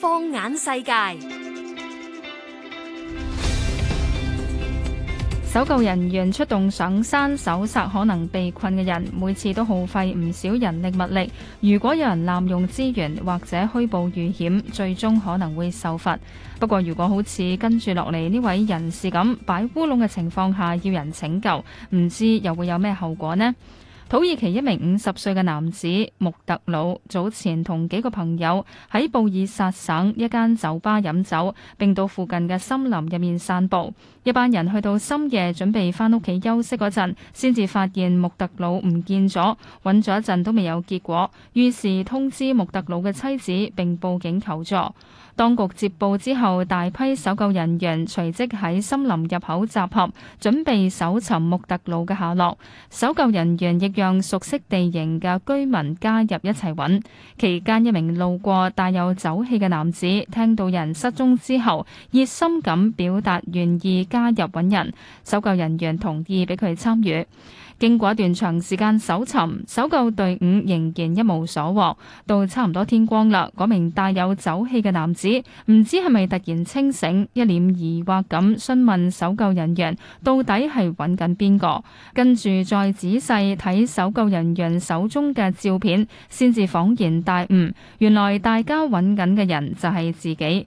放眼世界，搜救人員出動上山搜查，可能被困嘅人，每次都耗費唔少人力物力。如果有人濫用資源或者虛報遇險，最終可能會受罰。不過，如果好似跟住落嚟呢位人士咁擺烏龍嘅情況下要人拯救，唔知又會有咩後果呢？土耳其一名五十歲嘅男子穆特魯早前同幾個朋友喺布爾薩省一間酒吧飲酒，並到附近嘅森林入面散步。一班人去到深夜，準備翻屋企休息嗰陣，先至發現穆特魯唔見咗，搵咗一陣都未有結果，於是通知穆特魯嘅妻子，並報警求助。當局接報之後，大批搜救人員隨即喺森林入口集合，準備搜尋穆特魯嘅下落。搜救人員亦讓熟悉地形嘅居民加入一齊揾。期間，一名路過帶有酒氣嘅男子聽到人失蹤之後，熱心咁表達願意加入揾人，搜救人員同意俾佢參與。經過一段長時間搜尋，搜救隊伍仍然一無所獲。到差唔多天光啦，嗰名帶有酒氣嘅男子唔知係咪突然清醒，一臉疑惑咁詢問搜救人員到底係揾緊邊個，跟住再仔細睇搜救人員手中嘅照片，先至恍然大悟，原來大家揾緊嘅人就係自己。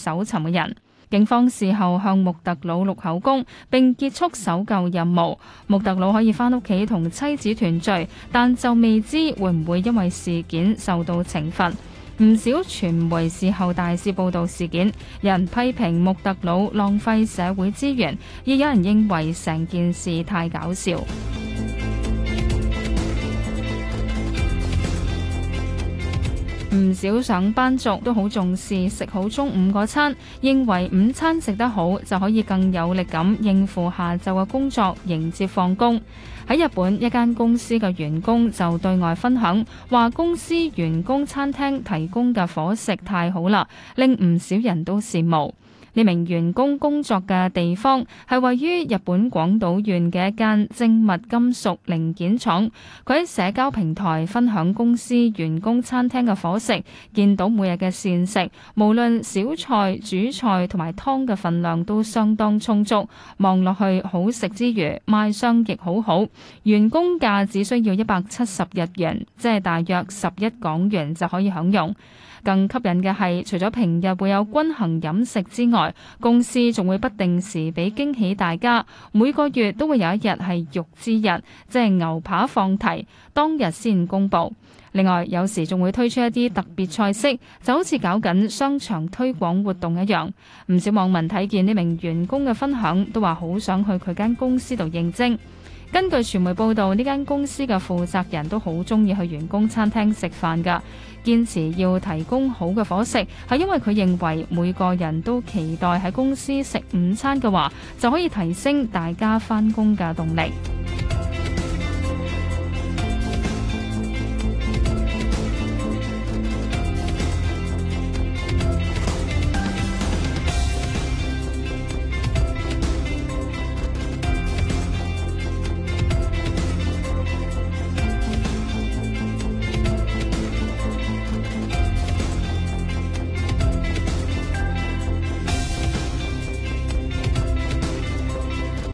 搜尋嘅人，警方事後向穆特魯錄口供，並結束搜救任務。穆特魯可以返屋企同妻子團聚，但就未知會唔會因為事件受到懲罰。唔少傳媒事後大肆報道事件，有人批評穆特魯浪費社會資源，亦有人認為成件事太搞笑。唔少上班族都好重視食好中午嗰餐，認為午餐食得好就可以更有力咁應付下晝嘅工作，迎接放工。喺日本，一間公司嘅員工就對外分享，話公司員工餐廳提供嘅伙食太好啦，令唔少人都羨慕。呢名員工工作嘅地方係位於日本廣島縣嘅一間精密金屬零件廠。佢喺社交平台分享公司員工餐廳嘅伙食，見到每日嘅膳食，無論小菜、主菜同埋湯嘅份量都相當充足。望落去好食之餘，賣相亦好好。員工價只需要一百七十日元，即係大約十一港元就可以享用。更吸引嘅係，除咗平日會有均衡飲食之外，公司仲會不定時俾驚喜大家，每個月都會有一日係肉之日，即係牛扒放題，當日先公布。另外有時仲會推出一啲特別菜式，就好似搞緊商場推廣活動一樣。唔少網民睇見呢名員工嘅分享，都話好想去佢間公司度應徵。根據傳媒報道，呢間公司嘅負責人都好中意去員工餐廳食飯㗎，堅持要提供好嘅伙食，係因為佢認為每個人都期待喺公司食午餐嘅話，就可以提升大家翻工嘅動力。